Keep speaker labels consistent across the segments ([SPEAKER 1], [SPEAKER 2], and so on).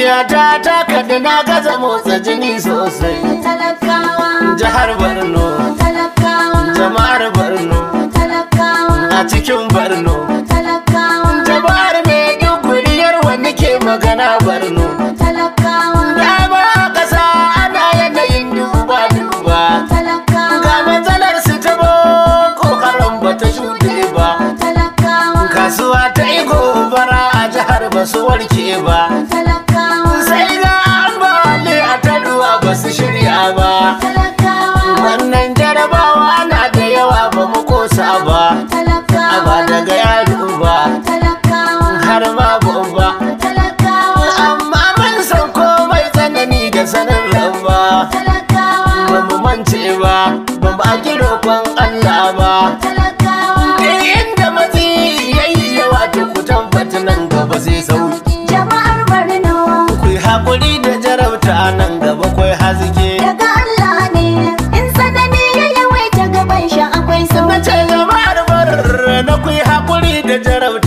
[SPEAKER 1] zuciyata ta kaɗi na gaza motsa jini sosai
[SPEAKER 2] talakawa jihar borno talakawa
[SPEAKER 1] jama'ar borno
[SPEAKER 2] talakawa
[SPEAKER 1] a cikin borno
[SPEAKER 2] talakawa jama'ar mai
[SPEAKER 1] guriyar wani ke magana borno
[SPEAKER 2] talakawa dama
[SPEAKER 1] ƙasa ana yanayin duba duba ga matsalar su ta boko haram bata shuɗe ba kasuwa ta yi gobara a jihar basu warke ba har babu uba amma ban san komai tsanani ga sanin rabba ba mu mance ba ba mu roƙon Allah ba yayi yawa nan gaba zai jama'ar Borno ku hakuri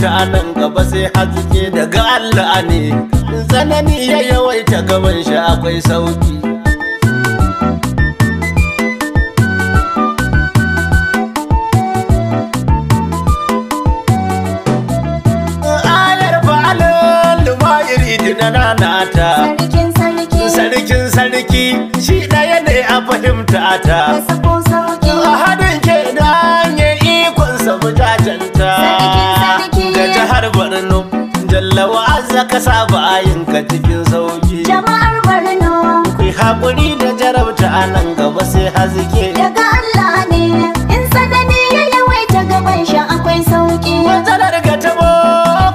[SPEAKER 1] ta nan gaba sai haske daga Allah ne tsanani ya yawaita gaban shi akwai sauki ayar falon lumayiri dinana nata sarkin sarki shi ɗaya ne a fahimta ta a haɗin ke da hanyar ikonsa mujajanta Borno jallawa azza ka saba ka cikin sauki jama'ar
[SPEAKER 2] Borno
[SPEAKER 1] ku haƙuri da jarabta a nan gaba sai hazike daga
[SPEAKER 2] Allah ne in sanani ya yawaita gaban shi akwai sauki matsalar ga tabo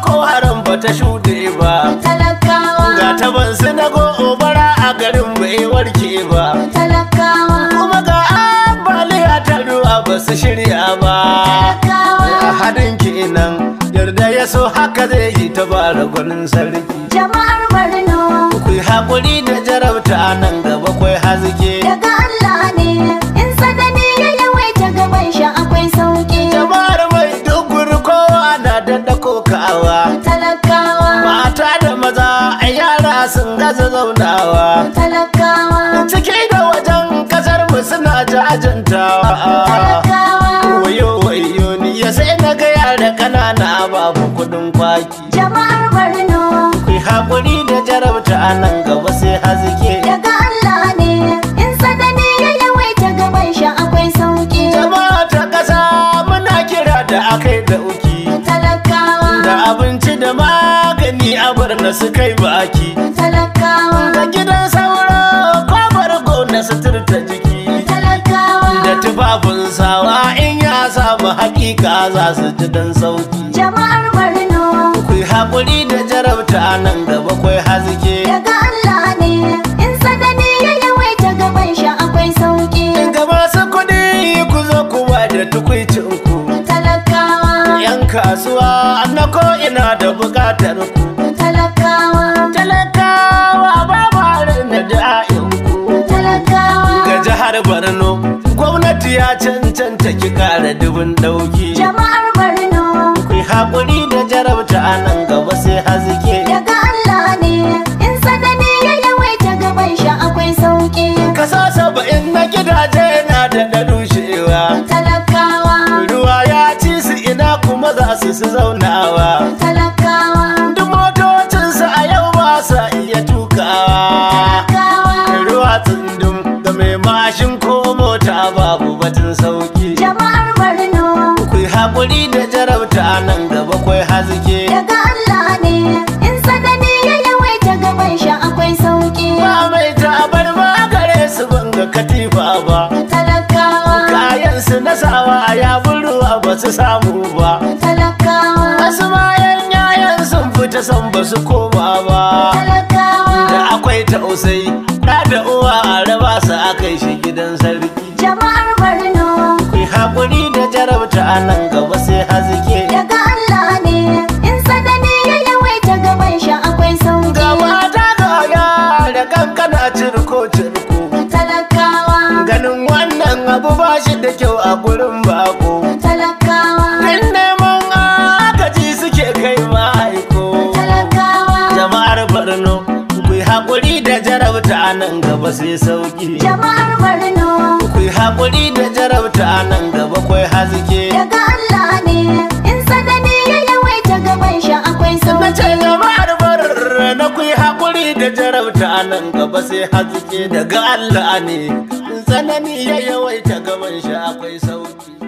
[SPEAKER 1] ko haram ba ta shuɗe ba
[SPEAKER 2] talakawa ga taban go obara
[SPEAKER 1] a garin bai warke ba
[SPEAKER 2] talakawa kuma ga
[SPEAKER 1] ambaliya ta ruwa ba su shirya ba hadin nan. da ya so haka zai yi ta bara gwanin sarki jama'ar barno ku haƙuri da jarabta nan gaba kwai hazike daga Allah ne in ne ya
[SPEAKER 2] ta gaban shi akwai sauki jama'ar mai dukkan
[SPEAKER 1] kowa na da kokawa talakawa mata da maza a yara sun gaza zaunawa talakawa ciki da wajen kasar mu suna jajantawa da kanana babu kudin kwaki
[SPEAKER 2] jama'ar barno
[SPEAKER 1] ku haƙuri da jarabta a nan gaba sai hazike
[SPEAKER 2] daga Allah ne in sadani ya yawaita gaban shi akwai sauƙi. jama'a ta ƙasa muna kira da
[SPEAKER 1] akai da uki
[SPEAKER 2] talakawa da
[SPEAKER 1] abinci da magani a barna su kai baki talakawa hakika za su ji dan sauki
[SPEAKER 2] jama'ar barno
[SPEAKER 1] ku haƙuri da jarabta nan gaba kwai haske
[SPEAKER 2] daga Allah ne
[SPEAKER 1] in sadani ya yawaita gaban shi akwai sauki daga masu kuɗi ku zo ku ba da tukuicin ku
[SPEAKER 2] talakawa yan
[SPEAKER 1] kasuwa na ko ina da buƙatar ku Fatu ya cancanta ki kara dubin dauki jama'ar barno ku haƙuri da jarabta a nan gaba sai hazike
[SPEAKER 2] daga Allah ne in sanani ya yawaita gaban
[SPEAKER 1] shi akwai sauki kasa saba'in na gidaje na da shewa. talakawa ruwa ya ci su ina kuma za su su zaunawa
[SPEAKER 2] talakawa duk motocinsu a yau ba sa iya
[SPEAKER 1] tukawa Jarabta a nan gaba kwai hazike daga
[SPEAKER 2] Allah ne in sanani ya yawaita gaban shi akwai sauki ba mai
[SPEAKER 1] ta bar su banga katifa ba
[SPEAKER 2] talakawa kayan su na sawa ya
[SPEAKER 1] burwa ba su samu ba
[SPEAKER 2] talakawa wasu bayan yayan
[SPEAKER 1] sun fita san ba su koma ba
[SPEAKER 2] talakawa da
[SPEAKER 1] akwai tausayi da da uwa a raba su akai shi gidan sarki
[SPEAKER 2] jama'ar Borno ku
[SPEAKER 1] hakuri da jarabta a nan gaba sai a gurin bako
[SPEAKER 2] talakawa din neman agaji suke kai ma'aiko talakawa jama'ar
[SPEAKER 1] borno ku yi haƙuri da jarabta nan gaba sai sauki
[SPEAKER 2] jama'ar borno
[SPEAKER 1] ku yi haƙuri da jarabta nan gaba kwai hazike daga
[SPEAKER 2] allah ne in sadani ya yawaita gaban shi akwai sauki jama'ar
[SPEAKER 1] borno ku yi haƙuri da jarabta nan gaba sai hazike daga allah ne tsanani ya yawaita gaban shi akwai sauki